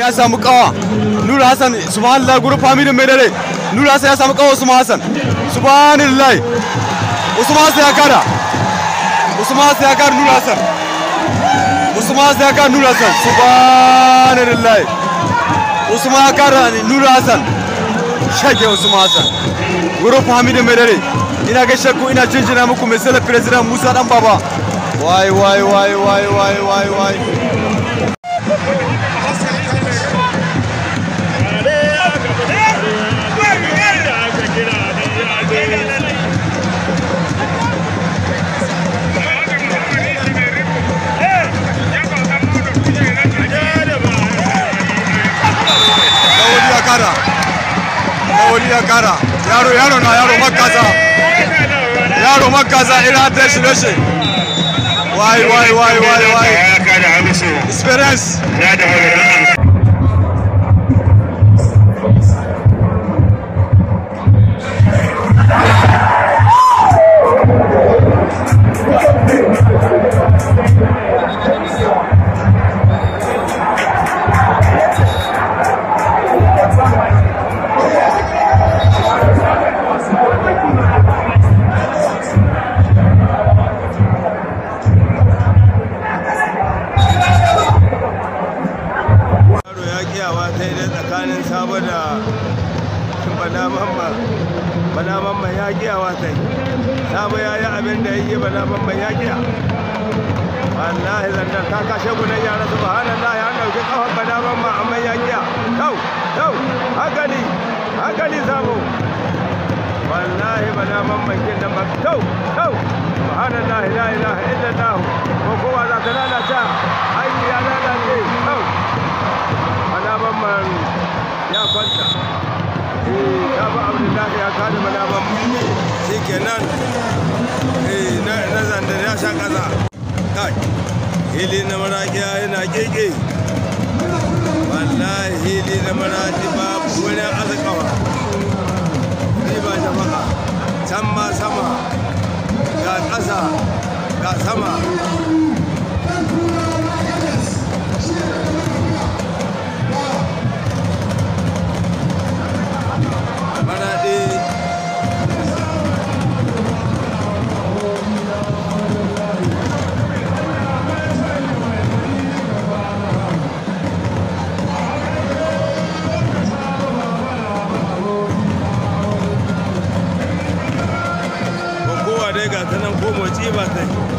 ya samu kawa nura hassan subhanallah gurin familin mai dare nura hassan ya samu kawa usman hassan subhanallah usman hassan ya kada usman hassan ya kada nura hassan usman hassan ya kada nura hassan subhanallah usman ya kada nura hassan shage usman hassan gurin familin mai dare ina ga shakku ina jinjina muku mai salar president musa dan baba wai wai wai wai wai wai wai ya yaro yaro na yaro Makaza, yaro Makaza, ina ta shi da shi wai wai wai wai wai experience saboda ba da ya giya wasai sabo ya yi abin da ya yi bala mamma ya giya wallahi zantar ta kashe gunan yara subhanallah ya dauki kafan bala mamma amma ya giya kau kau hankali hankali sabo wallahi bala mamma kin da kau kau subhanallah la ilaha illallah ko kowa za ta lalata kwanta eh, ya ba abdullahi ya kada malaman shi kenan eh, na zandar ya sha kaza kai hili na maraƙiya yana keke wallahi hili na maraƙi babu wani azakawa bater.